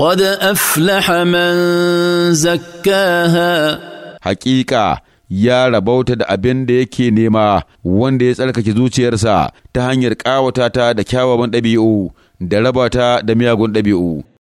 قد أفلح من زكاها ya rabauta da abin da yake nema wanda ya tsarkake zuciyarsa ta hanyar ƙawata ta da kyawawan ɗabi'u da rabata da miyagun ɗabi'u